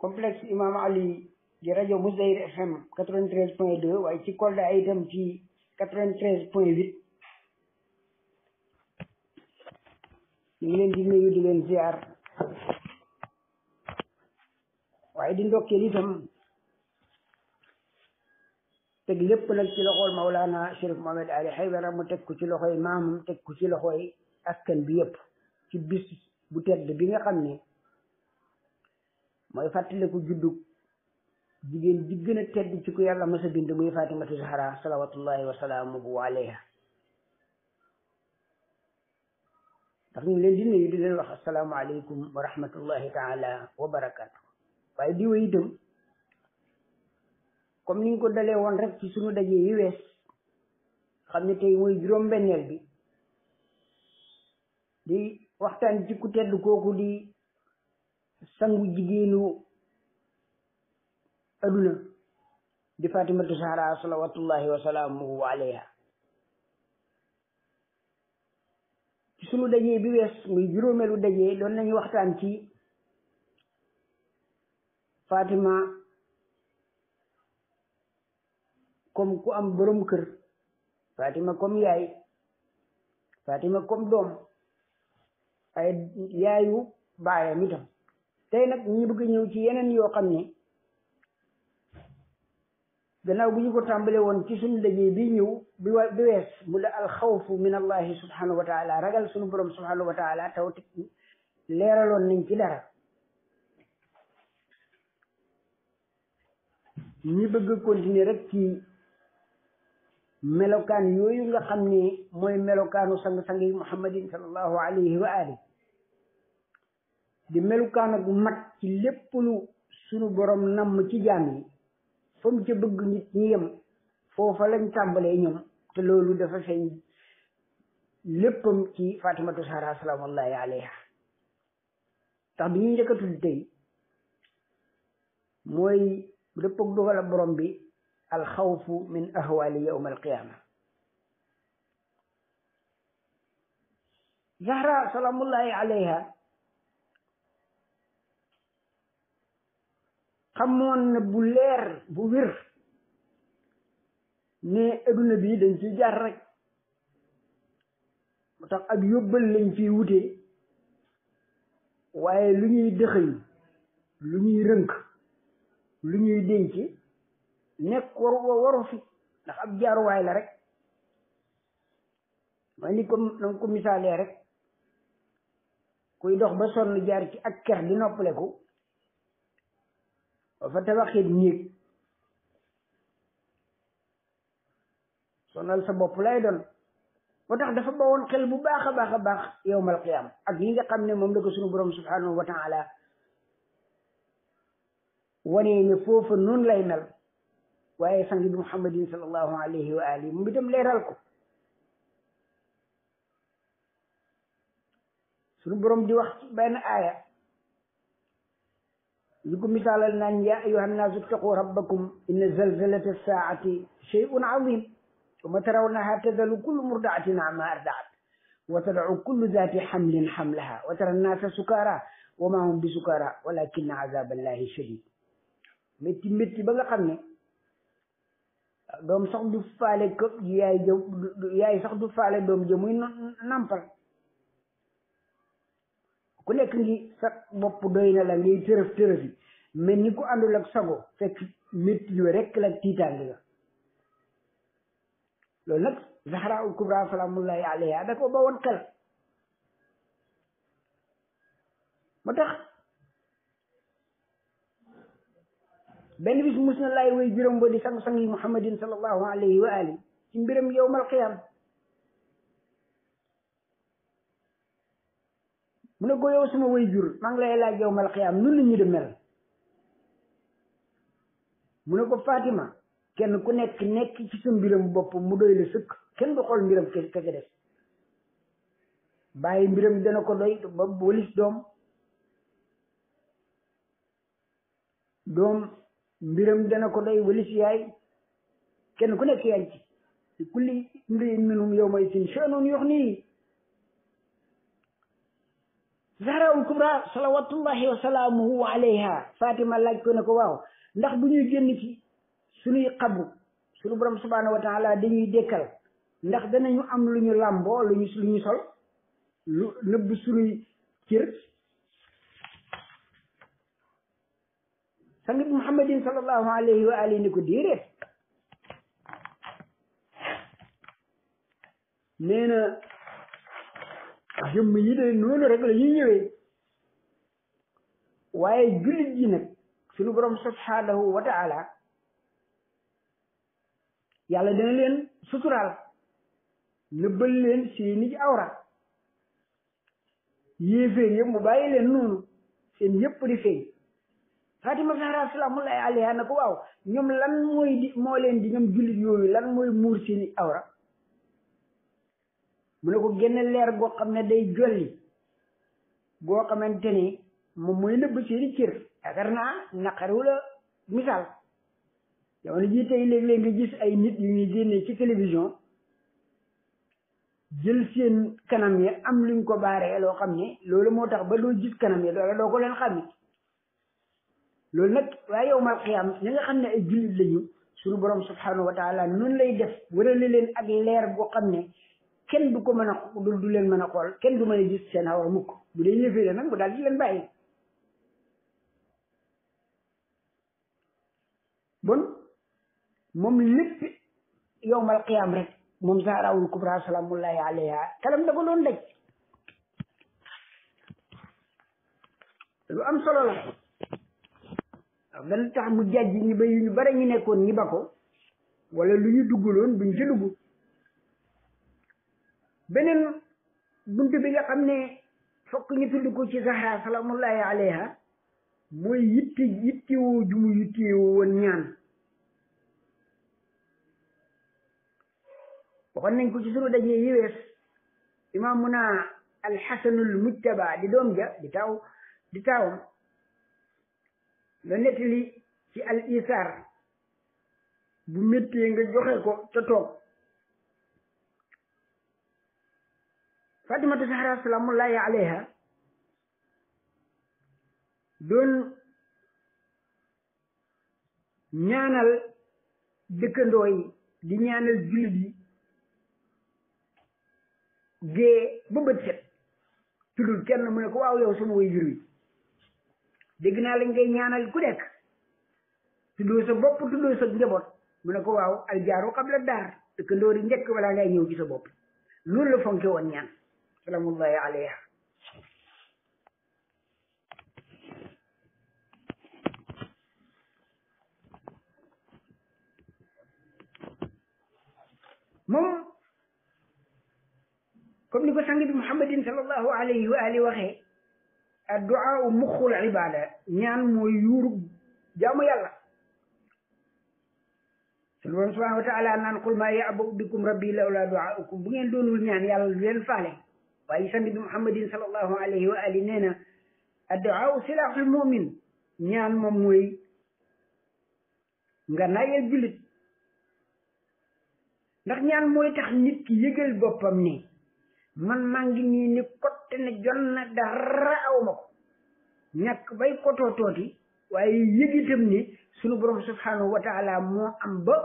complexe imam ali di rajo Mozdahir FM 93 point 2 waaye ci Kolda itam ci 93 point 8 ñu leen di nuyu di leen ziar waaye di ndokkeel itam teg lépp nag ci loxol Maulana Chérif Mohamed Ali Haydara mu teg ko ci loxoy maamam teg ko ci loxoy askan bi yëpp ci bis bu tedd bi nga xam ni mooy fàttaliku juddu jigéen di gën a tedd yàlla masa bind muy fatimatu zahra salawatullahi wa salaamuhu alayha ndax ñu leen di nuyu di leen wax asalaamualeykum wa rahmatullahi taala wa barakaatu waaye di wéy itam comme ni ko dalee woon rek ci suñu dajee yi wees xam ne tey mooy juróom-benneel bi di waxtaan ci ku kooku di sangu jigéenu aduna di fatimatu zahra salawatullahi wa salaamuhu alayha ci sunu dajee bi wees muy juróomeelu dajee doon nañu waxtaan ci fatima comme ku am borom kër fatima comme yaay fatima comme doom ay yaayu baayam itam tey nag ñu bëgg ñëw ci yeneen yoo xam ne ganaaw bu ñu ko tàmbale woon ci suñu liggéey bi ñëw bi wa bi wees mu la alxawfu min allahi subhanahu wa ragal suñu borom subhanahu wa taala taw te leeraloon nañ ci dara ñu bëgg continuer rek ci melokaan yooyu nga xam ne mooy melokaanu sang-sang yi muhammadin sallallahu alayhi di melukaan gu mat ci lépp lu sunu borom namm ci jaam yi fa mu bëgg nit ñi yem foofa lañ tàmbalee ñoom te loolu dafa feeñ léppam ci Fatimatu Zahra salaamullahi alayha tax bi ñu njëkk a tudd tey mooy dëpp ak dogal borom bi alxawfu min ahwaali yawm alqiyaama Zahra salaamullahi alayha xamoon na bu leer bu wér ne adduna bi dañ ci jaar rek moo tax ak yóbbal lañ fi wute waaye lu ñuy dëxëñ lu ñuy rënk lu ñuy denc nekk waru waru fi ndax ab jaaruwaay la rek ma ni ko na ko misaalee rek kuy dox ba sonn jaar ci ak ker di noppaleku ba fa tabaxee néeg sonal sa bopp lay doon moo tax dafa bawoon xel bu baax a baax a baax yowmal qiyaam ak yi nga xam ne moom la ko suñu borom subhanahu wa taala wanee ne foofa noonu lay mel waaye sang bi muhammadin sallallahu alayhi wa alihi moom itam leeral ko suñu borom di wax ci benn aaya لكم مثال أن يا أيها الناس اتقوا ربكم إن زلزلة الساعة شيء عظيم ثم ترونها تذل كل مرضعة عما أرضعت وتدع كل ذات حمل حملها وترى الناس سكارى وما هم بسكارى ولكن عذاب الله شديد métti métti ba nga xam ne doom sax du faale këpp yaay ja yaay sax du faale doom ja muy nampal ku nekk ngi sa bopp doy na la ngay tërëf tërëfi mais ni ku àndul sago fekk métti yu rek la tiitaange la loolu nag Zahra ul Kubra salaamullahi alayha da ko ba woon xel moo tax benn bis mus na laay way juróom ba sang-sang yi muhammadin sallallahu wa ali ci mbiram yowmal qiyam mu ko yow suma way jur maa ngi lay laaj yow mal xiyaam nun la ñu di mel mu ko Fatima kenn ku nekk nekk ci sa mbiram bopp mu doy la sëkk kenn du xool mbiram kese kese des bàyyi mbiram dana ko doy ba walis doom doom mbiram dana ko doy walis yaay kenn ku nekk yaay ci kulli imri'in minhum yawma idin sha'nun yughnihi zahraul kubra salawatullahi wa salaamuhu alayha fatima laaj ko ne ko waaw ndax bu ñuy génn ci suñuy xabru suñu borom subhanahu wa taala dañuy dékkal ndax danañu am lu ñu làmboo lu ñu sol lu nëbb suñuy cër sangit muhammadin sallallahu alayhi wa alihi ko déeréet nee jëmm yi de noonu rek la ñuy ñëwee waaye jullit yi nag suñu borom subhanahu wa taala yàlla dina leen suturaal nëbbal leen seeni awra yéeféer yëpp mu bàyyi leen noonu seen yëpp di feeñ Fatima Zahra salaamullahi alayha na waaw ñoom lan mooy di moo leen di ñoom jullit yooyu lan mooy muur seeni awra mu ne ko génne leer goo xam ne day jolli goo xamante ni moom mooy nëbb seeni cër yaakaar naa naqaru la misaal jamono jii tey léeg-léeg nga gis ay nit yu ñuy génnee ci télévision jël seen kanam ya am luñ ko baaree loo xam ne loolu moo tax ba doo gis kanam ya doola doo ko leen xam loolu nag waaye yow mal xiyaam ñi nga xam ne ay jullit lañu suñu borom subhanahu wa taala noonu lay def wërale leen ak leer goo xam ne kenn du ko mën a leen mën a xool kenn du mën a gis seen awra mukk bu dee yéeféere nag mu daal di leen bàyyi bon moom lépp yowmal qiyaam rek moom zahrawul kubra salaamullahi alayha kalam da ko doon daj lu am solo la waaw tax mu jàjj ñi ba yu ñu bare ñu nekkoon ñi ko wala lu ñu dugguloon buñ ca dugg beneen bunt bi nga xam ne fokk ñu tudd ko ci Zahra salaamullahi alayha mooy yitti yittewoo ju mu yittewoo woon ñaan waxoon nañ ko ci sunu dajee yi wees imaam mun a alxasanul mujtaba di doom ja di taaw di taawam la nettali ci al isaar bu méttee nga joxe ko ca toog fatimatu zahra salaamullahi alayha doon ñaanal dëkkandoo yi di ñaanal jullit yi gée ba set tuddul kenn mu ne ko waaw yow sama way jur dégg naa lañ ngay ñaanal ku nekk tuddoo sa bopp tuddoo sa njaboot mu ne ko waaw aljaaru qabla daar dëkkandoo yi njëkk balaa ngay ñëw ci sa bopp lu la fonke woon ñaan salaamullahi alayha moom comme ni ko sang bi muhammadin sallallahu alayhi wa alihi waxee addu'a muxul ibada ñaan mooy yuurub jaamu yàlla suñu borom subhanahu wa taala naan qul maa ya'ba'u bikum rabbi lawla du'a'ukum bu ngeen doonul ñaan yàlla du leen faale waaye sang bi muhammadin sallallahu alayhi wa ali nee na silaaxul mu'min ñaan moom mooy nga nayal jullit ndax ñaan mooy tax nit ki yëgal boppam ni man maa ngi nii ni kotte ne jon na dara aw ma ko bay kotoo tooti waaye yëg itam ni sunu borom subhanahu wa taala moo am ba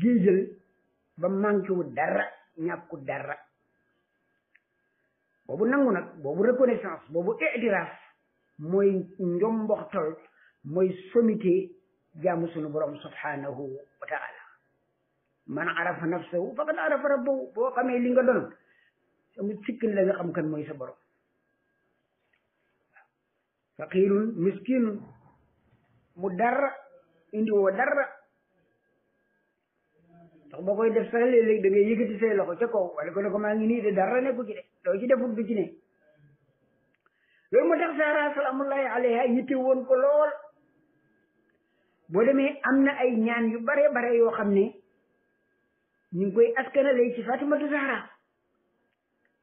géejal ba manqué wu dara ñàkku dara boobu nangu nag boobu reconnaissance boobu itiraaf mooy njomboxtal mooy sommité jaamu sunu borom subhanahu wa taala man arafa nafsahu faqad arafa rabbahu boo xamee li nga doon sikkin la xam kan mooy sa borom faqirun miskinun mu dara indi woo dara ndax boo koy def sax léeg-léeg da ngay loxo ca wala ko ne maa ngi nii de dara nekku ci de soo ci defut du ci ne loolu moo tax Saara salaamullahi alayha yitte woon ko lool boo demee am na ay ñaan yu bare bare yoo xam ne ñu ngi koy askanale ci Fatimatu Zahra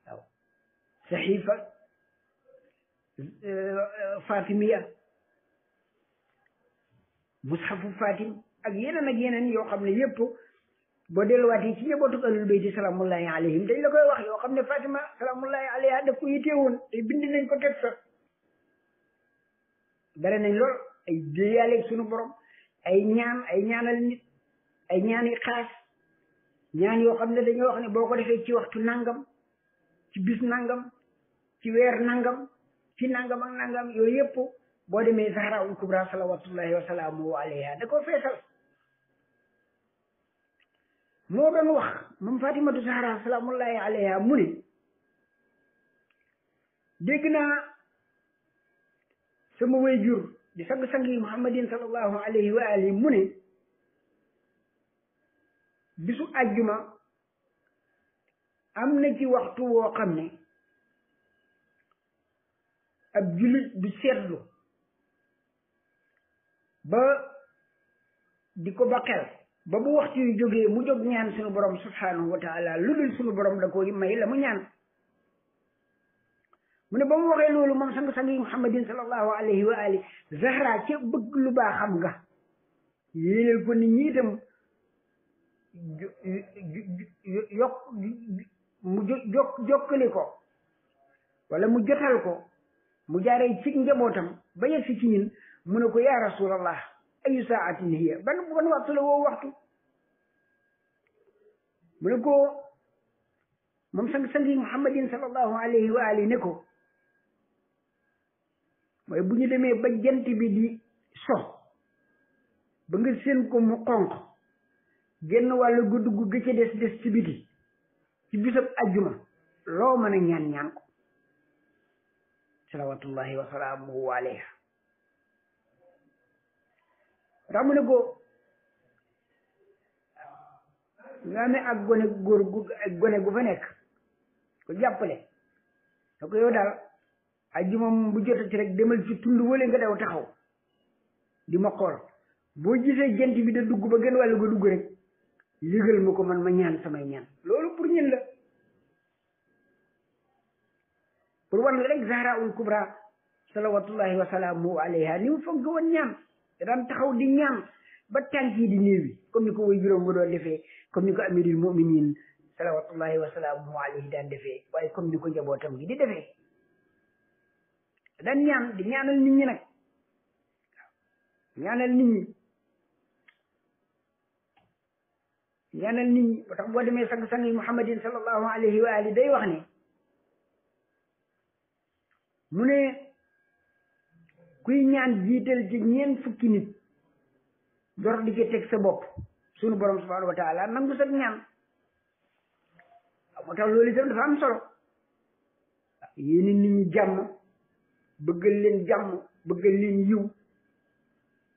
waaw saxiifa euh, Fatimiya mushafu Fatim ak yeneen ak yeneen yoo xam ne yépp boo delluwaatee ci njabootu ahlul bayti salaamullahi alayhim dañ la koy wax yoo xam ne Fatima salaamullahi alayha daf ko yitee woon te bind nañ ko teg sax bare nañ lool ay déyaaleeg sunu borom ay ñaan ay ñaanal nit ay ñaan yi xaas ñaan yoo xam ne dañoo wax ne boo ko defee ci waxtu nangam ci bis nangam ci weer nangam ci nangam ak nangam yooyu yëpp boo demee Zahra ul Kubra salawatullahi wa salaamu alayha da ko feesal moo doon wax moom Fatimatu Zahra salaamullahi alayha mu ne dégg naa sama way di sang-sang muhammadin sallallahu alayhi mu ne bisu ajjuma am na ci waxtu woo xam ne ab jullit du seetlu ba di ko ba xel ba bu waxtu yu jógee mu jóg ñaan suñu borom subhanahu wa taala lu dul suñu borom da koy may la mu ñaan mu ne ba mu waxee loolu moom sang-sang yi muhammadin sallallahu lu baax xam nga yéeneel ko nit mu jokk jokkali ko wala mu jotal ko mu jaaree ci njabootam ba yegg si ci ñin mu ne ko yaa rasulallah ayu saatin hiya ban ban waxtu la woo waxtu mu ne ko moom sang-sang yi muhammadin sallallahu alayhi wa alihi ne ko mooy bu ñu demee ba jant bi so ba nga seen ko mu xonq génn gu dugg des des ci biti ci bisab ajjuma loo mën a ñaan ñaan ko salawatullahi wa salaamuhu alayha ndax mu ne góor nga amee ak gone góor gu ak gone gu fa nekk ko jàppale da ko yow daal ajjuma bu jotati rek demal ci tund wala nga daw taxaw di ma xool boo gisee jant bi da dugg ba gën wàllu nga dugg rek yëgal ma ko man ma ñaan samay ñaan loolu pour ñen la pour wan la rek zahra ul kubra salawatullahi wa salaamu alayha ni mu fonk ñaan da daan taxaw di ñaan ba tànk yi di néew yi comme ni ko way ba doon defee comme ni ko amirul muminin salawatullahi waaye comme ni ko njabootam gi di defee daan ñaan di ñaanal nit ñi nag waaw ñaanal nit ñi ñaanal tax boo demee sang-sang yi muhammadin ali day wax ne mu ne kuy ñaan jiital ci ñeent fukki nit jor di ci teg sa bopp sunu borom subhanahu wa taala nangu sa ñaan moo tax loolu itam dafa am solo yéene nit ñi jàmm bëggal leen yiw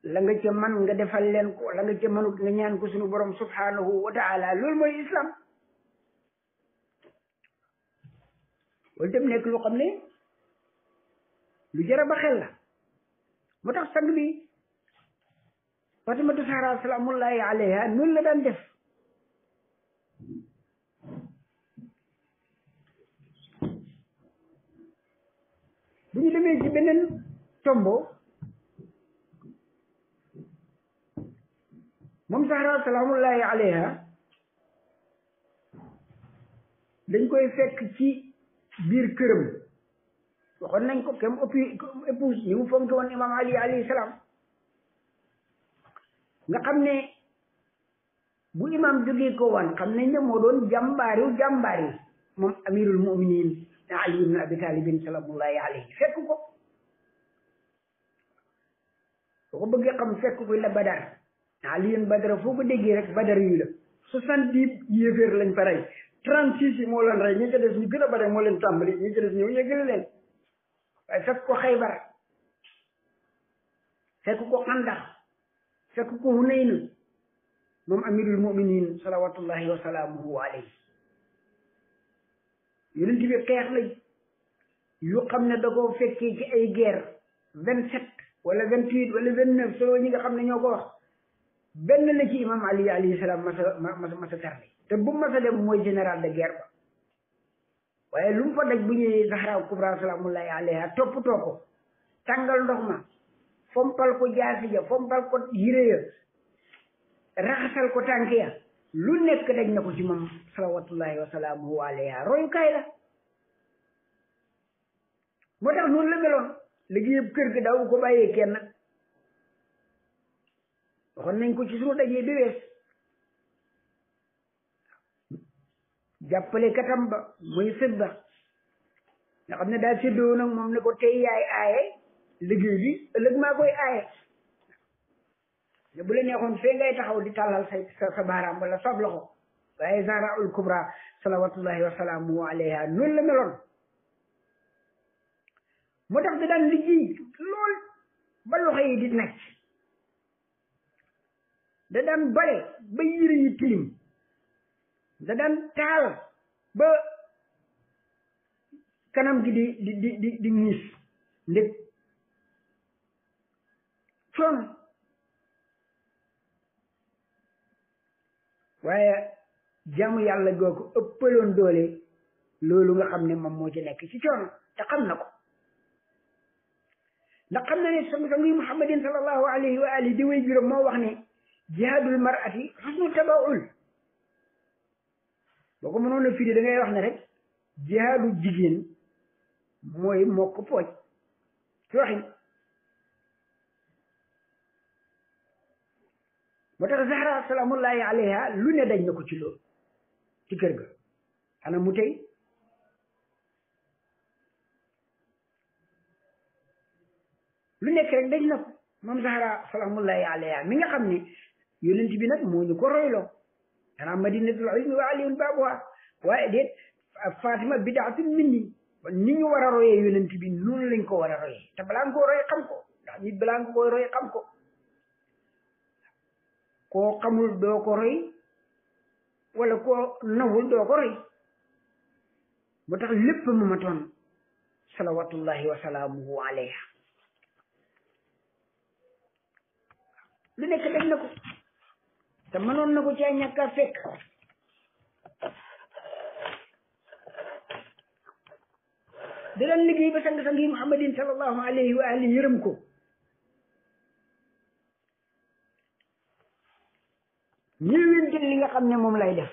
la nga ca man nga defal leen ko la nga ca manut nga ñaan ko sunu borom subhanahu wa taala loolu mooy islam loolu itam nekk lu xam ne lu jar a xel la moo tax sang bi Fatimatu Zahra salaamullahi alayha noonu la daan def bu ñu demee ci beneen tombo moom Zahra salaamullahi alayha dañ koy fekk ci biir këram waxoon nañ ko kem ëppi épouse ni mu fonki woon imam ali alayhi salaam nga xam ne bu imam jógee ko woon xam nañ ne moo doon jàmbaariw jàmbaari moom amirul muminin ali ibn abi talibin salaamullahi alayhi fekk ko ko bëggee xam fekk ko la badar aliyun badara foo ko déggee rek badar yu la soixante dix yéeféer lañ fa rey trente six yi moo leen rey ñi ca des ñu gën a bare moo leen tàmbali ñi ca des ñëw yëgale leen waaye fekk ko xaybar fekk ko xandax fekk ko hunayna moom amirul muminin salawatullahi wa salaamuhu alayhi yonent bi xeex la yu xam ne da koo fekkee ci ay guerre vingt sept wala vingt huit wala vingt neuf solo ñi nga xam ne ñoo ko wax benn la ci imam ali alayhi salaam masa masa masa tarbi te bu masa dem mooy général de guerre ba waaye lu mu fa daj bu ñëwee Zahra Kubra salaamullahi alayha toppatoo ko tàngal ndox ma fompal ko jaasi fompal ko yére ya raxasal ko tànk ya lu nekk daj na ko ci moom salawatullahi wa salaamuhu alayha royukaay la moo tax noonu la meloon liggéeyub kër gi daawu ko bàyyee kenn waxoon nañ ko ci sunu dajee bi jàppale katam ba muy sët nga xam ne daal séddoo nag moom ne ko tey yaay aaye liggéey bi ëllëg maa koy aaye ne bu la neexoon fee ngay taxaw di tàllal sa sa baaraam wala sab loxo waaye Zahra ul Kubra salawatullahi wa salaamu alayha noonu moo tax da daan lool ba loxo yi di nacc da daan ba yëre yi tilim da daan taal ba kanam gi di di di di di ñiis ndég coono waaye jaamu yàlla goo ko ëppaloon doole loolu nga xam ne moom moo ci nekk ci coono te xam na ko ndax xam na ne sang-sang yi muhammadin sallallahu alayhi di way juróom moo wax ne jihaadul mar'ati husnu tabaul boo ko mënoon a firi da wax ne rek jihaadu jigéen mooy mokk pooj ci waxin moo tax Zahra salaamullahi alayha lu ne dañ na ko ci loolu ci kër ga xana mu tey lu nekk rek dañ na ko moom Zahra salaamullahi alayha mi nga xam ne yonent bi nag moo ñu ko royloo maanaam madinatul ilmi wa aliyun baabuha waaye déet fatima bidaatun minni ni ñu war a royee yonent bi noonu ko war a royee te balaa ko ndax nit balaa nga koy royee ko koo xamul doo wala koo nawul doo ko roy tax lépp mu ma toon salawatullahi wa salaamuhu alayha lu nekk dañ ko te mënoon na ko caa ñàkk a fekk da daan liggéey ba sang-sang yi muhammadin sallallahu alayhi wa ali yërëm ko ñëwentel li nga xam ne moom lay def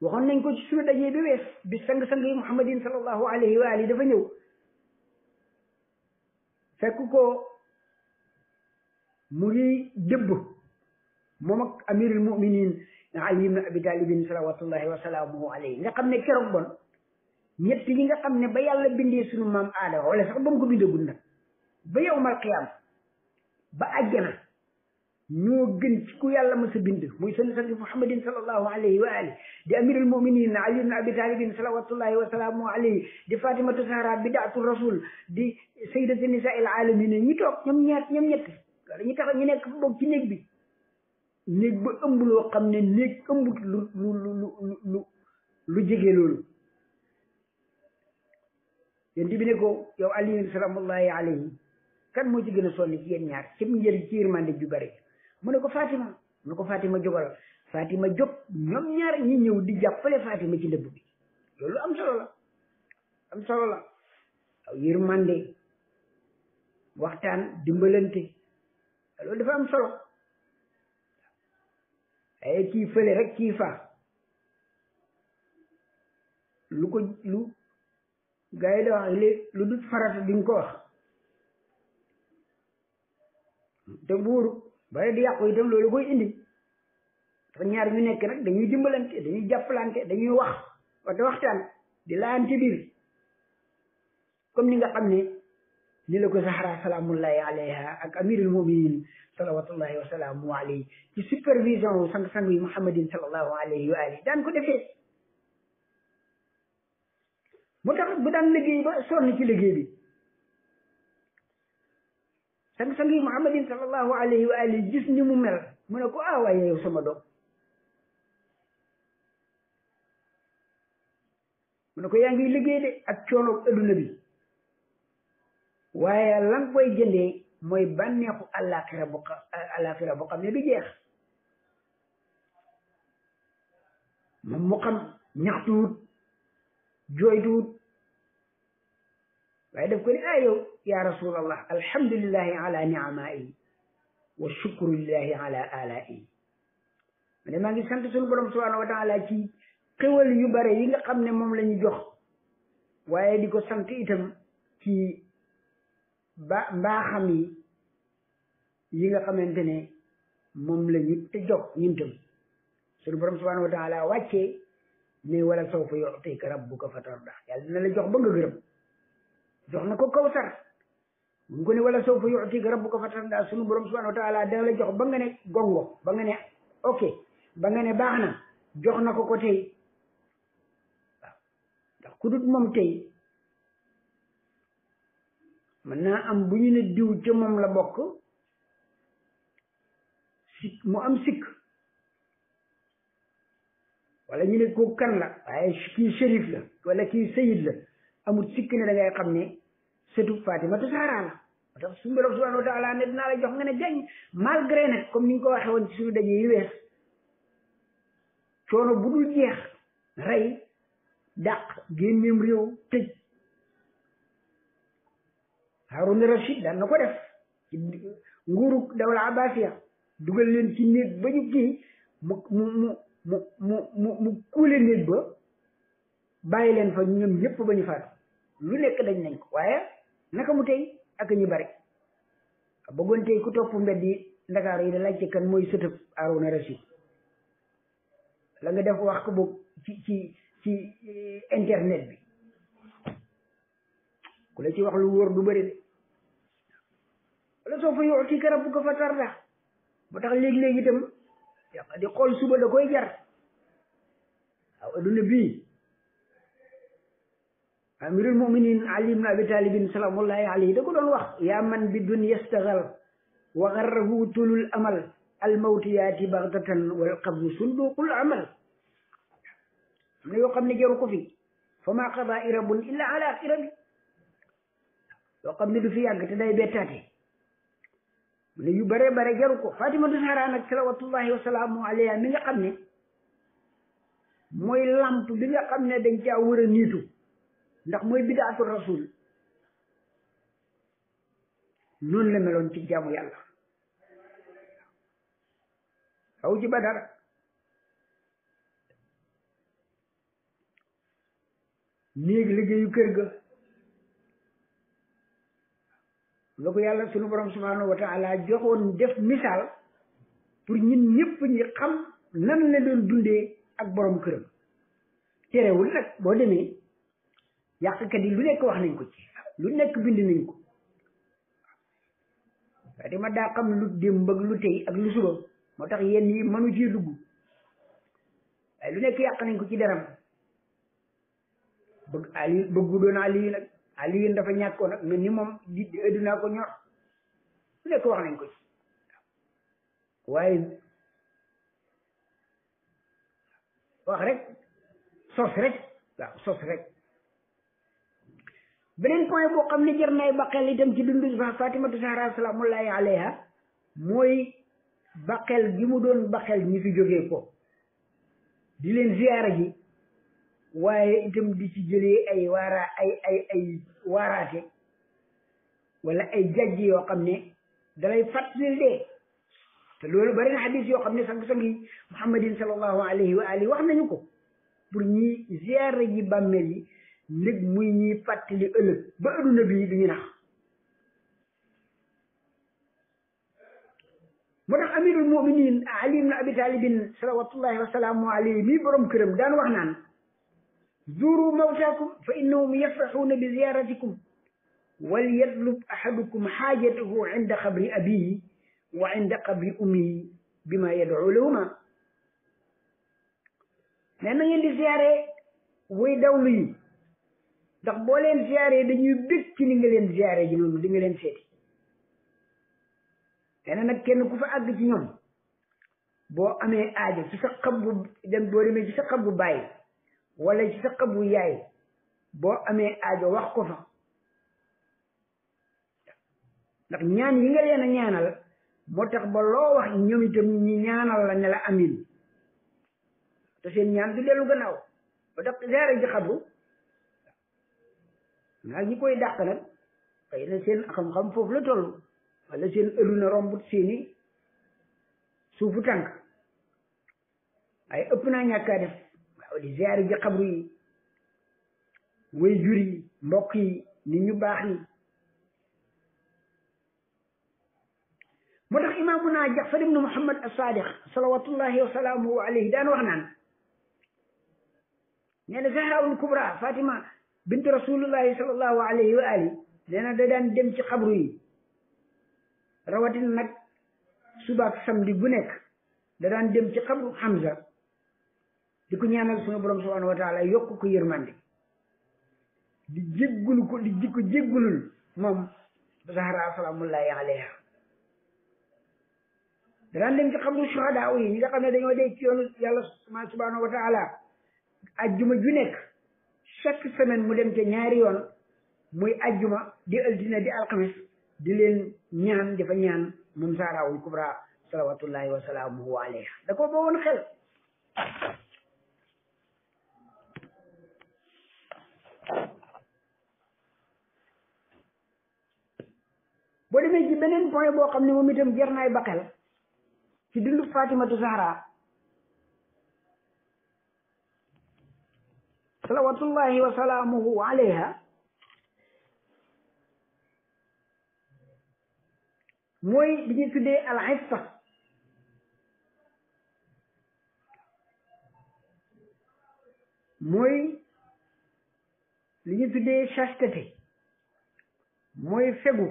waxoon nañ ko ci suñu dajee bi wees bi sang-sang yi muhammadin sallallahu alayhi wa ali ñëw fekk ko mu ngi dëbb moom ak amirul muminin ali ibn abi talibin salawatullahi wa salaamuhu alayhi nga xam ne keroog bon ñett nga xam ne ba yàlla bindee suñu maam aadama wala sax ba mu ko bindagul nag ba yowmal qiyaam ba àjjana ñoo gën ci ku yàlla mës a bind muy seen sang muhammadin sallallahu alayhi wa ali di amirul muminin ali ibn abi talibin salawatullahi wa salaamuhu alayhi di fatimatu zahra bidaatu rasul di sayyidatu nisaa il alamin ñi toog ñoom ñett dañuy taxaw ñu nekk boog ci néeg bi néeg ba ëmb xam ne néeg ëmbut lu lu lu loolu yonent bi ne ko yow Aliyu salaamullahi alayhi kan moo ci gën a sonn ci yéen ñaar ci njëriñ màndi yërmande ju mu ne ko Fatima mu ne ko Fatima jógal Fatima jóg ñoom ñaar ñi ñëw di jàppale Fatima ci ndëbb bi loolu am solo la am solo la yërmande waxtaan dimbalante loolu dafa solo ay kii fële rek kii faa lu ko lu gars yi da lu dut farata di ko wax te buuru bari di yàqu itam loolu koy indi dafa ñaar ñu nekk nag dañuy dimbalante dañuy jàppalante dañuy wax wata waxtaan di laante biir comme ni nga xam ne ni la ko Zahra salaamullahi alayha ak amirul muminin salawatullahi wa salaamu alayhi ci supervision sang-sang yi Muhammadin mu tax bu liggéey bi sang-sang yi Muhammadin sallallahu alayhi wa alihi gis ni mu mel mu ne ko ah waaye yow sama mu ne ko yaa ngi liggéey de ak coono adduna bi waaye lan koy jëndee mooy bànneexu àllaaxira bu àllaaxira boo xam ne du jeex moom mu xam ñaxtuwut jooytuwut waaye daf ko ne ah yow ya rasulallah alhamdulillahi ala niamayi ne maa ngi sant suñu borom subhanahu wa taala ci xéwal yu bare yi nga xam ne moom la jox waaye di ko sant itam ci ba mbaaxam yi yi nga xamante ne moom la ñu te jox ñun tam suñu borom subhanahu wa taala wàccee ne wala sawfa yu'tika rabbuka fatarda yàlla dina la jox ba na ko kawsar buñ ko ne wala sawfa yu'tika rabbuka fatarda suñu borom subhanahu wa taala dina la jox ba nga ne gongo ba nga ne ok ba nga ne baax na jox na ko ko tey ndax ku dut moom tey mën naa am bu ñu ne diw ca moom la bokk sikk mu am sikk walla ñu ne koo kan la waaye kii shérif la walla kii sayid la amul sikk ne da xam ne sëtu Fatimatu Zahra la moo tax suñu borom subhanahu wa taala ne jox nga ne jañ malgré comme ni ñu ko waxee woon ci suñu daje yi wees coono bu dul jeex rey dàq génneem réew tëj Harun Rashid daan na ko def ci nguuru dawla abbasiya dugal leen ci néeg ba ñu kii mu mu mu mu mu mu mu kuule néeg ba bàyyi leen fa ñoom ñëpp ba ñu faatu lu nekk dañ nañ waaye naka mu tey ak ñu bari bëggoon tey ku topp mbedd yi ndakaaru yi da laajte kan mooy sëtëb Harun Rashid la nga def wax ko boog ci ci ci eh, internet bi ku la ci wax lu wóor du bëri wala soo fa yu'tika rabbuka fatarda ba tax léegi-léegi itam di xool suba da koy jar waaw adduna bii amirul muminin ali ibn abi talibin salaamullahi alayhi da ko doon wax yaa man bi dun yastaxal wa garrahu tulul amal almawtiyaati baxtatan wal qabru sunduqul amal am na yoo xam ne jaru ko fi fa maa qadaa irabun illa ala axira bi yoo xam ne du fi yàgg te day bettaate wala yu bare bare jaru ko fatimatu zahra nag salawatullahi wasalaamu alayha mi nga xam ne mooy lamp bi nga xam ne dañ caa war a niitu ndax mooy bidaatu rasul noonu la meloon ci jaamu yàlla aw ci badar néeg liggéeyu kër ga la yàlla sunu borom subhanahu wa taala joxoon def misaal pour ñun ñëpp ñi xam nan la doon dundee ak borom këram terewul nag boo demee yàqkat yi lu nekk wax nañ ko ci lu nekk bind nañ ko waa daa xam lu lu ak lu suba moo tax yenn yi mënu ci waaye lu nekk yàq nañ ko ci daram bëgg ali bëggu doon ali nag Alioune dafa ñàkkoon nag mais ni moom di addunaa ko ñor lu nekk wax nañ ko waaye wax rek sos rek sos rek beneen point boo xam ne jar naay baqel itam ci dundu Fatimatu Zahra salaamullahi alayha mooy baqel gi mu doon baqel ñi fi jógee ko di leen ziyaara ji waaye itam di ci jëlee ay waara ay ay ay waaraate wala ay jajj yoo xam ne dalay fàttali dee te loolu bari na yoo xam ne sang-sang yi muhammadin sallallahu alayhi wa alihi wax nañu ko pour ñi ziyaara ji bàmmeel yi ndég muy ñiy fàttali ëllëg ba adduna bii du ñu nax moo tax amirul muminin ali ibn abi talibin salawatullahi wasalaamu alayhi mii borom këram daan wax naan zuru mawtaakum fa innahum yafraxuuna bi ziyaaratikum wal yatlub ahadukum xaajatahu inda xabri abihi wa inda xabri ummihi bima yad'u lahuma mais na ngeen di ziyaare way dawlu yi ndax boo leen ziyaare dañuy bég ci li nga leen ziyaare ji noonu li nga leen seeti nee na nag kenn ku fa àgg ci ñoom boo amee aajo ci sa xab bu dem boo demee ci sa xab bu bàyyi wala sa wu yaay boo amee aajo wax ko fa ndax ñaan yi nga leen a ñaanal moo tax ba loo wax ñoom itam ñi ñaanal la ne la amin te seen ñaan du dellu gannaaw ba tax ziyaara ji xabru naag ñi koy dàq nag xëy na seen xam-xam foofu la toll wala seen ëdduna rombut seeni suufu tànk ay ëpp naa ñàkkaa di ziyaare ji xabru yi way jur yi mbokk yi nit ñu baax yi moo tax imaamuna Jaafar ibnu Muhammad as-Saadiq salawatullahi wa salaamuhu alayhi daan wax naan nee na Zahraul Kubra Fatima bint rasulullahi sallallahu alayhi wa ali nee na da daan dem ci xabru yi rawatina nag subaak samedi bu nekk da daan dem ci xabru Hamza di ko ñaanal suñu borom subhanahu wa taala yokk ko yërmande di jéggulu ko di ko jéggulul moom Zahra salaamullahi alayha danaan dem ci xabru shuhadaa yi ñi nga xam ne dañoo dee ci yoonu yàlla subhanahu wa taala ajjuma ju nekk chaque semaine mu dem ca ñaari yoon muy ajjuma di altine di alxames di leen ñaan dafa ñaan moom Zahraawul Kubra salawatullahi wa salaamuhu da ko boowoon xel boo demee ci beneen point boo xam ne moom itam jar naay baqel ci dundu Fatimatu Zahra salawatullahi wa salaamuhu alayha mooy li ñuy tuddee al iffa mooy li ñuy tuddee chasteté mooy fegu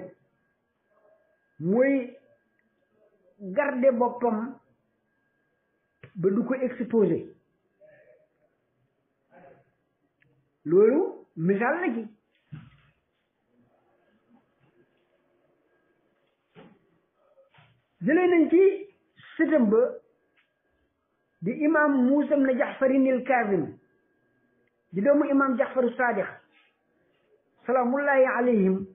mooy garder boppam ba du ko exposer loolu misaal la ci jëlee nañ ci sëtam ba di imam Muusa ibn Jaxfar al Kaazim di doomu imam Jaxfaru Saadiq salaamullahi alayhim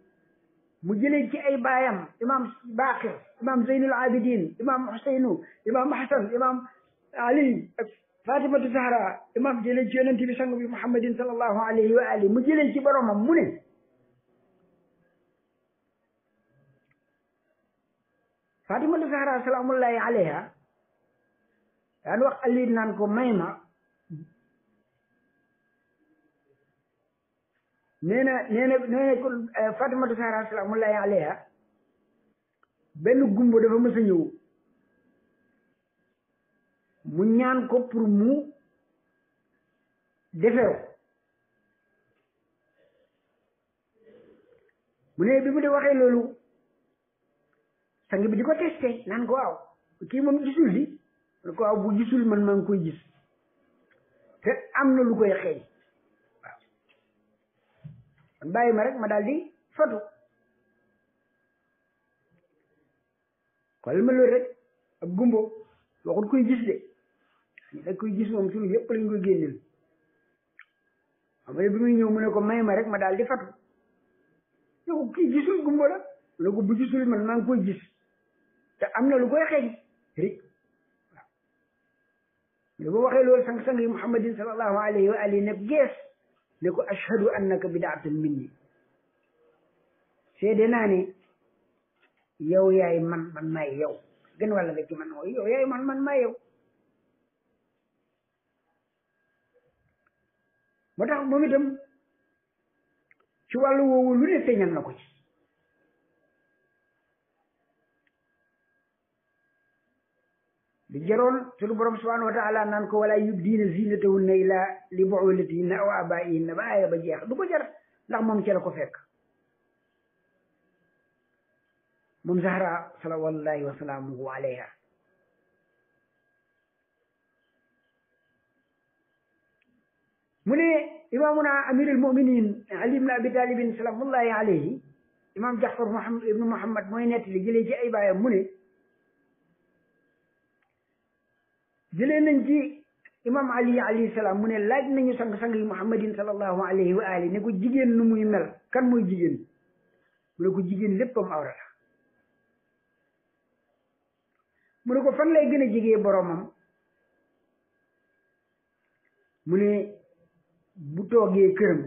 mu jëlee ci ay baayam imam Baqir imam Zeynul Abidin imam Huseynu imam Hasan imam Ali ak Fatimatu Zahra imam jëlee ci yonent bi sang bi Muhammadin sallallahu alayhi wa ali mu jëlee ci boromam mu ne Fatimatu Zahra salaamullahi alayha daan wax Ali naan ko may ma nee na nee na nee na eh, Fatimatu Zahra salaamullaahi benn gumba dafa mës ñëw mu ñaan ko pour mu deferu mu ne bi mu de waxee loolu sang bi di ko testé naan ko waaw kii moom gisul di mu ko waaw bu gisul man maa koy gis te am na lu koy xeeñ bàyyi ma rek ma daal di fatu xoolal ma loolu rek ak gumbo waxut kuy gis de dag koy gis moom suñu yëpp lañ ko génneel xam nga bi muy ñëw mu ne ko may ma rek ma daal di fatu ne ko kii gisul gumbo la ne ko bu gisul man maa koy gis te am na lu koy xeeñ rek waaw mais waxee loolu sang-sang yi muhammadin sallallahu alayhi gees ne ko ashhadu annaka bidaatan minni seede naa ne yow yaay man man maay yow gën wàlla nga ci man mooy yow man man maay yow moo tax moom itam ci wàllu woowu lu ne feeñal na ko ci bi jaroon sunu borom subhanahu wa taala naan ko wala yubdiina zinatahunna illaa li bu'ulatihinna aw abaa'ihinna ba aaya ba jeex du ko jar ndax moom ci la ko fekk moom Zahra salawatullahi wa salaamuhu alayha mu ne imaamuna amirul muminin ali ibn abi talibin salaamullahi alayhi imaam Jaafar Muhammad ibnu Muhammad mooy nettali jëlee ci ay baayam mu ne jëlee nañ ci imam ali alayhi salaam mu ne laaj nañu sang-sang yi muhammadin sallallahu ali ne ko jigéen nu muy mel kan mooy jigéen mu ne ko jigéen léppam awra la mu ne ko fan lay gën a jigee boroomam mu ne bu toogee këram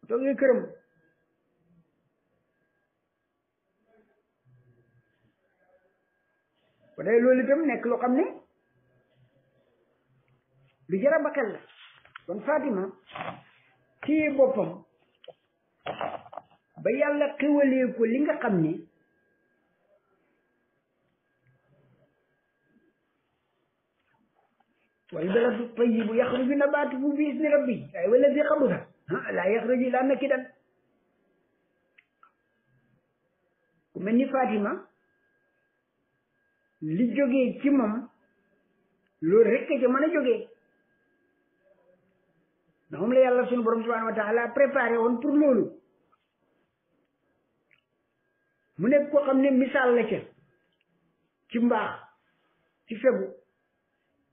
bu toogee këram bu dee loolu itam nekk loo xam ne lu jar a ba xel Fatima téye boppam ba yàlla xewalee ko li nga xam ne wal baladu tayibu yaxruju nabatuhu bi isni rabbi waaye wala fi xabusa ah, laa yaxruju illa nakidan ku mel Fatima li jógee ci moom loolu rekk ci mën a jógee ndax moom la yàlla suñu borom subhanahu wa taala préparé woon pour loolu mu nekk koo xam ne misaal la ca ci mbaax ci fegu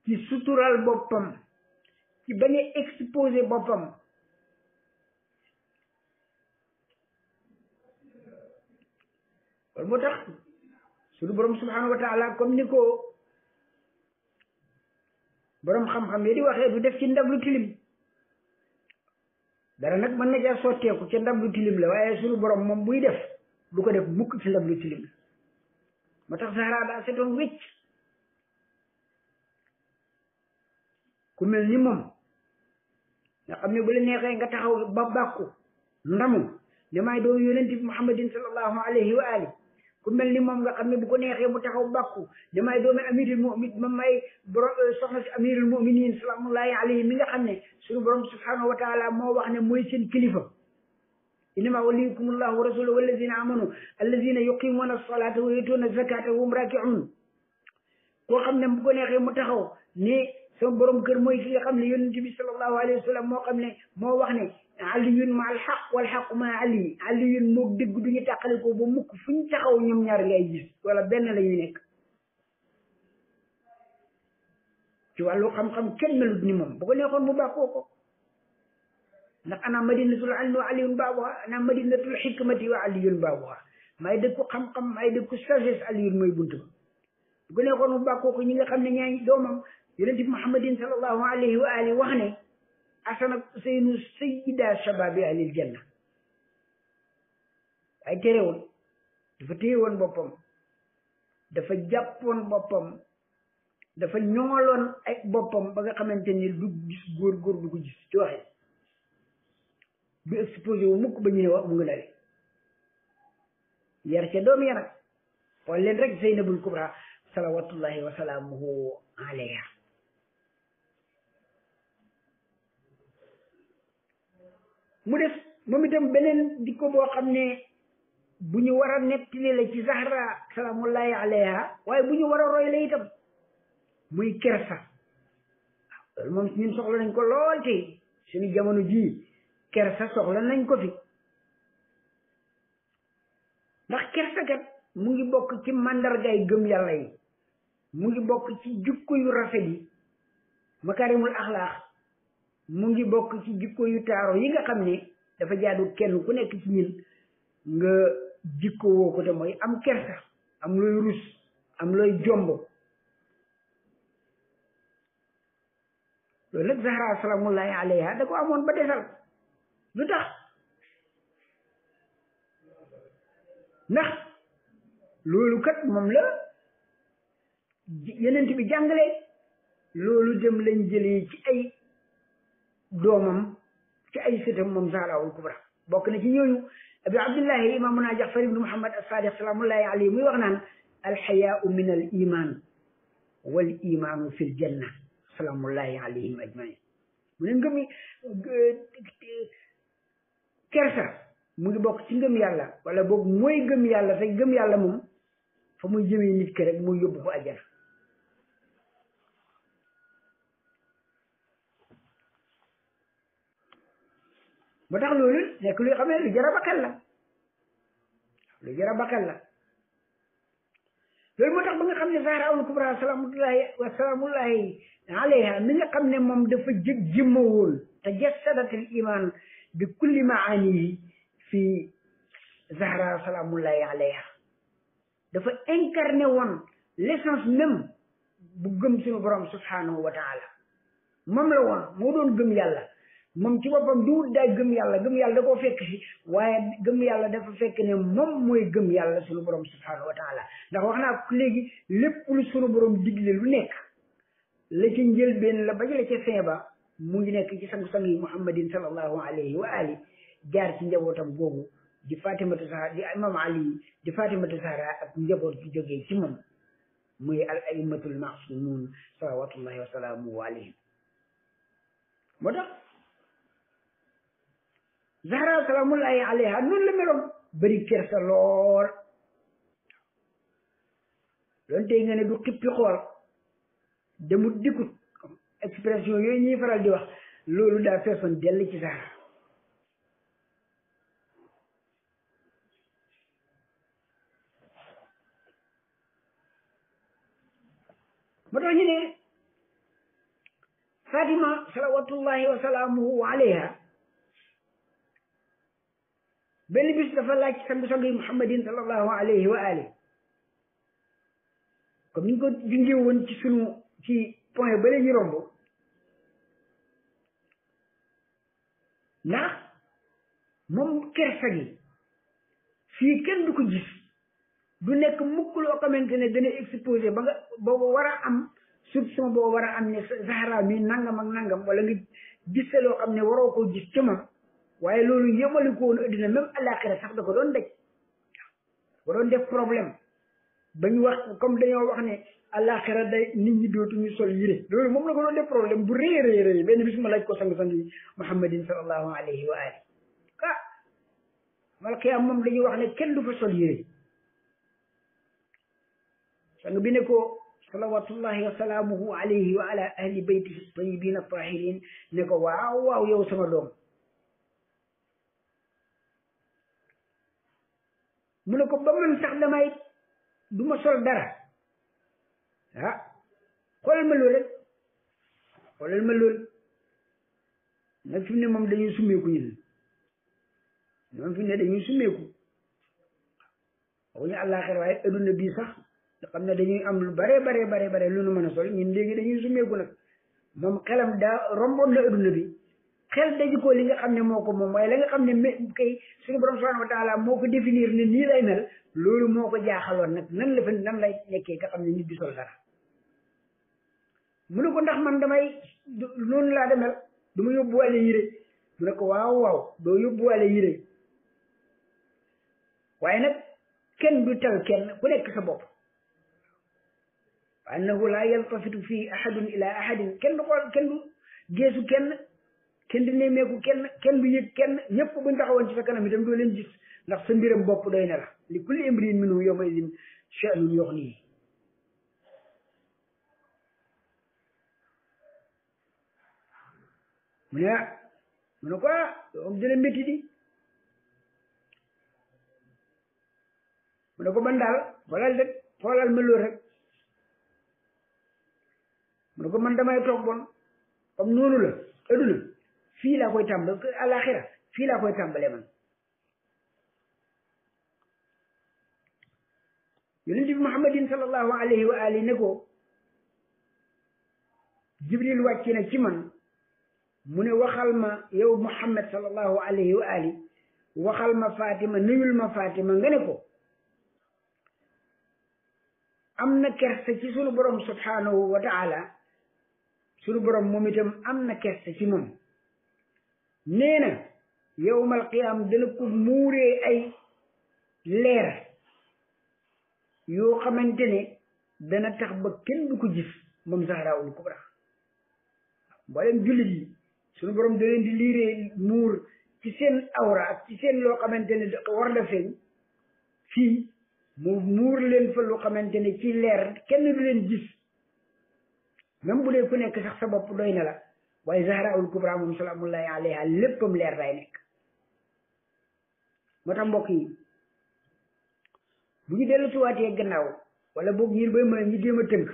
ci sutural boppam ci bañ a boppam loolu moo tax suñu borom subhanahu wa taala comme ni ko borom xam-xam yi di waxee du def ci ndab lu tilim dara nag mën na caa sotteeku ca ndab lu tilim la waaye suñu borom moom buy def du ko def mukk ci ndab lu tilim la moo tax Sahara daa setoon wécc ku mel ni moom nga xam ne bu la neexee nga taxaw ba bàkku ndamu ne maay doomu yonent bi Muhammadin sallallahu alayhi ku mel ni moom nga xam ne bu ko neexee mu taxaw bàkku damay doomi amirul mu'min ma may borom euh, soxna si amirul mu'minin salaamullahi alayhi mi nga xam ne suñu borom subhanahu wa taala moo wax ne mooy seen kilifa innama waliyukum allahu wa rasuluhu wallazina amanu allazina yuqimuna as-salata wa yutuna zakata wa hum raki'un koo xam ne bu ko neexee mu taxaw ni sama borom kër mooy ki nga xam ne yonent bi sallallahu alayhi wa sallam moo xam ne moo wax ne aliyun ma alxaq wal xaq ma ali aliyun moog dëgg duñu tàqale ko ba mukk fu ñu taxaw ñoom ñaar ngay gis wala benn la ñuy nekk ci wàllu xam-xam kenn melut ni moom bu ko neexoon mu bàkkoo ko ndax ana madinatul ilmi wa aliyun baabuha ana madinatul xikmati wa aliyun baabuha may dëkku xam-xam may dëkku sagesse aliyun mooy bunt ba bu ko neexoon mu bàkkoo ko ñi nga xam ne ñaay doomam yonent bi muhammadin sallallahu alayhi wa alihi wax ne asan ak useynu sayida shababi ahlil ay tere woon dafa téye boppam dafa jàppoon boppam dafa ñoŋoloon boppam ba nga xamante ni du gis góor du gis ci du exposé wu mukk ba ñu ne wax mu ngi lawe yar ca doom ya nag rek zeynabul kubra salawatullahi wa alayha mu def moom itam beneen dikko boo xam ne bu ñu war a nettali la ci Zahra salaamullahi alayha waaye bu ñu war a roy la itam muy kersa waaw moom ñun soxla nañ ko lool te suñu jamono jii kersa soxla nañ ko fi ndax kersa kat mu ngi bokk ci màndargaay gëm yàlla yi mu ngi bokk ci jukko yu rafet yi makaarimul axlaax mu ngi bokk ci jikko yu taaro yi nga xam ne dafa jaadu kenn ku nekk ci ñun nga jikko woo mooy am kersa am looy rus am looy jombo loolu nag Zahra salaamullahi alayha da loolu kat moom la yenent dem lañ jëlee ci ay doomam ci ay sëtam moom zahraawul kubra bokk na ci ñooñu abi abdillahi imaamuna jafar ibnu muhammad as-sadiq salaamullahi alayhi muy wax naan alxayaau min al iman wal fi l janna salaamullahi alayhim mu ne ngëm kersa mu ngi bokk ci ngëm yàlla wala boog mooy ngëm yàlla te yàlla moom fa muy jëmee nit ki ba tax loolu nekk luy xamee lu jar a baxel la lu jar a baxel la loolu moo tax ba nga xam ne Zahra al Kubra salaamatullahi wa salaamullahi alayha mi nga xam ne moom dafa jëg jëmmawoon te jassadatil iman bi kulli maani fi Zahra salaamullahi alayha dafa incarné woon l'essence même bu gëm suñu borom subhanahu wa taala moom la woon moo doon gëm yàlla moom ci boppam duwut daay gëm yàlla gëm yàlla da koo fekk waaye gëm yàlla dafa fekk ne moom mooy gëm yàlla sunu borom subhanahu wa taala ndax wax naa ko léegi lépp lu sunu borom digle lu nekk la ca njëlbeen la ba la ca fin ba mu ngi nekk ci sangu-sang yi muhammadin sallallahu alayhi wa ali jaar ci njabootam googu di fatimatu sahara di imam ali di fatimatu sahara ak njaboot ci jógee ci moom muy al aimatul masumun salawatullahi wa salaamuhu alayhim moo tax Zahra salaamullahi alayha noonu la meloon bëri kersa lool loolu tey nga ne du xippi xool demut dikkut expression yooyu ñuy faral di wax loolu daa feesoon dell ci Zahra moo tax ñu ne Fatima salawatullahi wa salaamuhu alayha benn bis dafa laaj ci sang sang yi muhammadin sallallahu alayhi wa alihi comme ni ñu ci sunu ci point ba ñu romb ndax moom kersa gi fii kenn du ko gis du nekk mukk loo xamante ne dana exposé ba nga booba war a am soupçon boo war am ne Zahra nangam ak nangam wala nga gis loo ne waroo koo gis waaye loolu yëmali ko woon addina même àllaaxira sax da ko doon daj ko doon def problème ba ñu wax comme dañoo wax ne àllaaxira day nit ñi dootuñu sol yére loolu moom la ko doon def problème bu rëy rëy rëy benn bis ma ko sang-sang yi muhammadin sallallahu alayhi wa ali ah am moom dañuy wax ne kenn du fa sol yére sang bi ne ko salawatullahi wa salaamuhu alayhi wa ala ahli baytihi tayyibin tahirin ne ko waaw waaw yow sama doom mu ne ko ba man sax damay du ma sol dara ah xoolal ma loolu rek xoolal ma loolu nag fi mu ne moom dañuy sumeeku ñun moom fi mu ne dañuy sumeeku waxuñu àllaaxira waaye adduna bii sax nga xam ne dañuy am lu bare bare bare bare lu nu mën a sol ñun léegi dañuy sumeeku nag moom xelam daa romboon na adduna bi xel dañu ko li nga xam ne moo ko moom waaye la nga xam ne kay suñu borom subhanahu wa taala moo ko définir ne nii lay mel loolu moo ko jaaxaloon nag nan la fa nan lay nekkee nga xam ne man damay noonu laa demel du ma yóbbuwaale yére mu ne ko waaw waaw doo yóbbuwaale yére waaye nag kenn du tal kenn ku nekk sa bopp wa annahu laa yaltafitu fii ahadun ila ahadin kenn du xool kenn kenn du nemmeeku kenn kenn du yëg kenn ñëpp buñ ci sa kanam itam doo leen gis ndax sa mbiram bopp doy na la li kulli imriin minhum yawma idin sha'nun yughnihi mu ne mu ne ah, mu ne ko man daal xoolal rek xoolal ma lool rek mu ne ko man damay toog bon comme noonu la adduna fii laa koy tàmbale alaxira fii laa koy tàmbale man yonent bi muhammadin sallallahu alayhi wa ali ne ko jibril wàcc na ci man mu ne waxal ma yow muhammad sallallahu alayhi wa ali waxal ma fatima nuyul ma fatima nga ne ko am na kersa ci sunu borom subhanahu wa taala sunu borom moom itam am na kersa ci nee na yowmal qiyaam dana ko muuree ay leer yoo xamante ne dana tax ba kenn du ko gis moom zahraawul kubra mboolem jullit yi suñu borom da leen di liiree muur ci seen awra ak ci seen loo xamante ne war na feeñ fii mu muur leen fa lu xamante ne ci leer kenn du leen gis même bu dee ku nekk sax sa bopp doy na la waaye zahraul kubra moom salaamullahi alayha léppam leer day nekk moo tax bu ñu dellu tuwaatee gannaaw wala boog ñun bay mën ñu jéem a tënk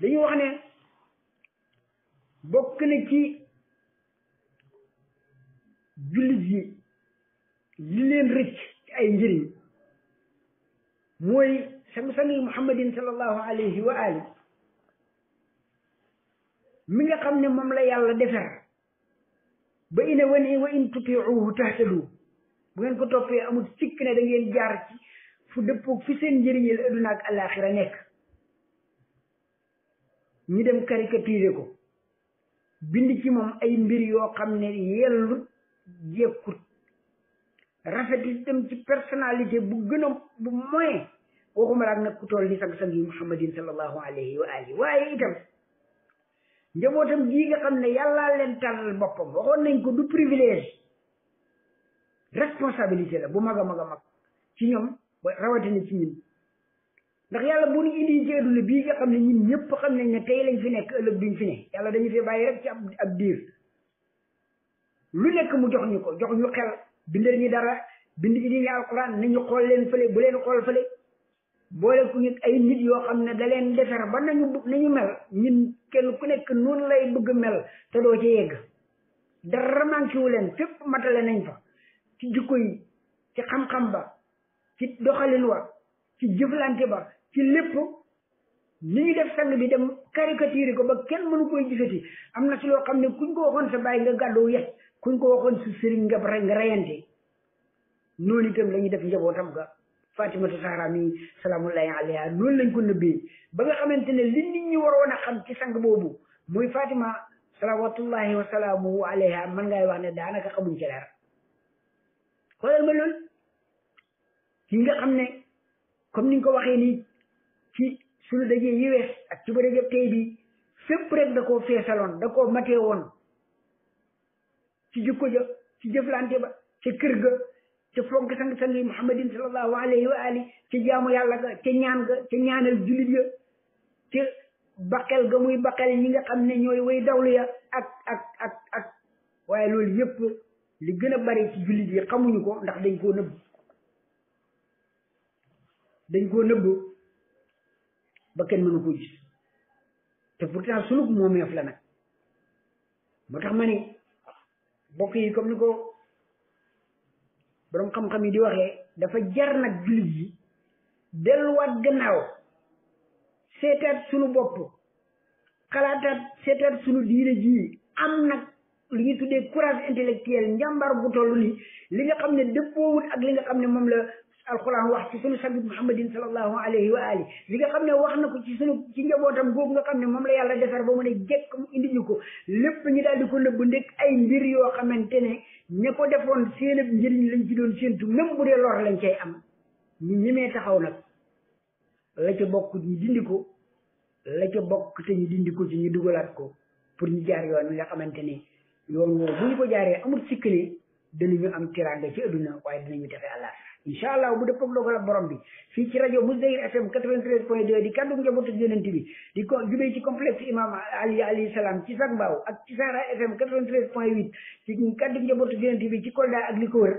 dañu wax ne bokk na ci jullit yi li leen rëcc ay njëriñ mooy sang-sang yi muhammadin sallallahu mi nga xam ne moom la yàlla defer ba ina wane wa in tutiuhu tahtadu bu ngeen ko toppee amul sikk ne da ngeen jaar ci fu dëppoog fi seen njëriñel adduna ak alaxira nekk ñi dem caricature ko bind ci moom ay mbir yoo xam ne yellut jekkut rafet itam ci personnalité bu gën a bu moyen waxuma laak nag ku toll ni sang-sang yi muhammadin sallallahu alayhi waaye itam njabootam gii nga xam ne yàllaa leen tànnal boppam waxoon nañ ko du privilège responsabilité la bu mag a mag a mag ci ñoom rawatina ci ñun ndax yàlla bu ñu indi ci adduna bii nga xam ne ñun ñëpp xam nañ ñu tey lañ fi nekk ëllëg duñ fi ne yàlla dañu fi bàyyi rek ci ab ab diir lu nekk mu jox ñu ko jox ñu xel bindal ñu dara bind ñu alquran nañu xool leen fële bu leen xool fële boole ku ñu ay nit yoo xam ne da leen defar ba nañu nañu mel ñun kenn ku nekk noonu lay bëgg mel te doo ci yegg dara manqué wu leen fépp matale nañ fa ci jikko yi ci xam-xam ba ci doxalin wa ci jëflante ba ci lépp ni ñu def sang bi dem caricature ko ba kenn mënu koy gisati am na ci loo xam ne kuñ ko waxoon sa bàyyi nga gàddu yet kuñ ko waxoon sa sëriñ nga reyante noonu itam la ñuy def njabootam ga Fatimatu Zahra mi salaamullahi alayha loolu lañ ko nëbbee ba nga xamante ne li nit ñi waroon a xam ci sang boobu muy Fatima salawatullahi wa salaamuhu alayha man ngay wax ne daanaka xamuñ ci dara xoolal ma loolu kii xam ne comme ni nga ko waxee nii ci suñu dajee yi wees ak ci ba dajee tey bi rek da koo feesaloon da koo matee woon ci jikko ja ci jëflante ba ca kër ga te fonk sang sang yi muhammadin sallallahu alayhi wa ci ca jaamu yàlla ga ca ñaan ga ca ñaanal jullit ya ca baqel ga muy baqel ñi nga xam ne ñooy way dawlu ya ak ak ak loolu yëpp li gën a bari ci jullit yi xamuñu ko ndax dañ koo nëbb dañ koo nëbb ba kenn mënu koo gis te pourtant sunug moomeef la nag moo tax ma ni bokk yi ko boroom xam-xam yi di waxee dafa jar nag gi yi delluwaat gannaaw seetaat sunu bopp xalaataat seetaat sunu diine ji am nag li ñu tuddee courage intellectuel njàmbaar gu toll ni li nga xam ne dëppoowut ak li nga xam ne moom la alquran wax ci sunu sangit muhammadin sallallahu alayhi wa ali li nga xam ne wax na ko ci sunu ci njabootam googu nga xam ne moom la yàlla defar ba mu ne jekk mu indi ñu ko lépp ñu daal di ko nëbb ay mbir yoo xamante ne ña ko defoon seen ab njëriñ lañ ci doon séentu même bu dee lor lañ cay am ñu ñemee taxaw nag la ca bokk ñu dindi ko la ca bokk te ñu dindi ko ci ñu dugalaat ko pour ñu jaar yoon wi nga xamante ne yoon woowu bu ñu ko jaaree amul sikk ne danañu am tiraanga ci adduna waaye dinañu defee àllaaxira incha allah bu dëppoo ak dogalam borom bi fii ci rajo Mozdahir FM 93 point 2 di kaddu njabootu yonent bi di ko jubee ci complexe imam Ali alayhi salaam ci Sac Mbao ak ci Sahara FM 93 point 8 ci kaddu njabootu yonent bi ci Kolda ak li ko wër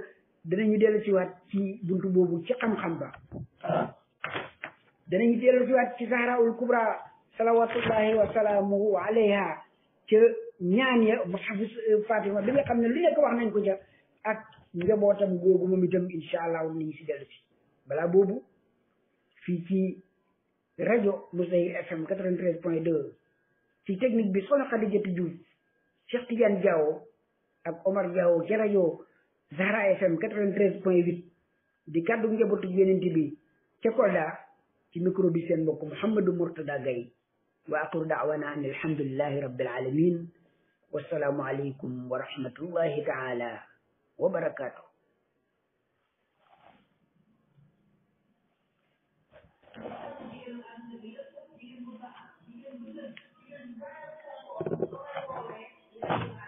danañu dellu siwaat ci buntu boobu ci xam-xam ba danañu dellu siwaat ci wa ñaan ya Mushaf Fatima bi nga xam ne lu nekk wax nañ ko ca ak njabootam googu moom itam incha allahu nañ si dellu si fii ci rajo Moussaïr FM 93 point 2 ci technique bi soxna Khadijatu Diouf Cheikh Tidiane Diawo ak Omar Diawo ci rajo Zahra FM 93 point 8 di kàddu njabootu yenente bi ca Kolda ci micro bi seen mbokk Mouhamadou Mourtada Gaye wa aqru alhamdulillahi rabbil alamin wassalaamu aleykum wa taala وبركاته Thank